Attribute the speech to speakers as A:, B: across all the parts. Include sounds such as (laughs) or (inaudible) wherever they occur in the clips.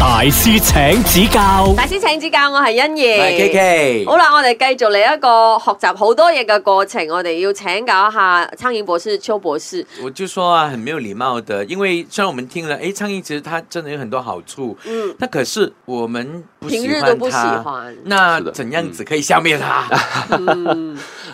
A: 大師請指教，
B: 大師請指教，我係欣宜，係 Kiki。好啦，我哋繼續嚟一個學習好多嘢嘅過程。我哋要請教一下蒼蠅博士丘博士。
A: 我就說啊，很沒有禮貌的，因為雖然我們聽了，誒、欸，蒼蠅其實它真係有很多好處，嗯，但可是我們平日都不喜歡，那怎樣子可以消滅它？ (laughs)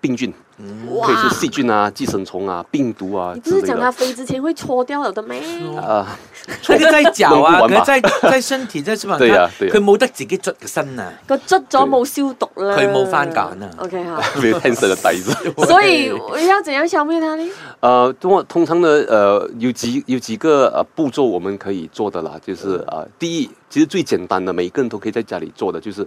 C: 病菌、嗯，
B: 可以是細
C: 菌啊、寄生蟲啊、病毒啊。你不是講它
B: 飛之前會搓掉了的
C: 咩？
B: 呃、啊，那個在腳啊，那在
C: 在身體 (laughs) 在身上
A: (laughs) 啊，對呀對呀，它沒得自己捽個身啊，
B: 個捽咗冇消毒啦，佢冇番梘啊。
C: OK 哈， (laughs) 所以 (laughs)
B: 我要怎樣消滅它呢，
C: (laughs) 呃、呢？呃，通常的呃有幾有幾個呃步驟我們可以做的啦，就是呃、嗯、第一，其實最簡單的，每一個人都可以在家裏做的就是。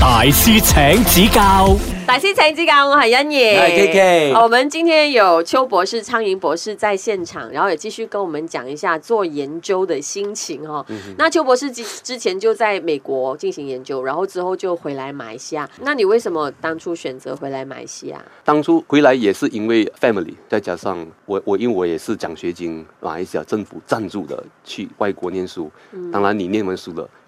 C: 大
A: 師請指教，
B: 大師請指教，我係欣怡，係 K K。我們今天有丘博士、蒼蠅博士在現場，然後也繼續跟我們講一下做研究的心情哦、嗯。那丘博士之之前就在美國進行研究，然後之後就回來馬來西亞。那你為什麼當初選擇回來馬來西亞？
C: 當初回來也是因為 family，再加上我我因為我也是獎學金，馬來西亞政府贊助的去外國念書、嗯。當然你念完書了。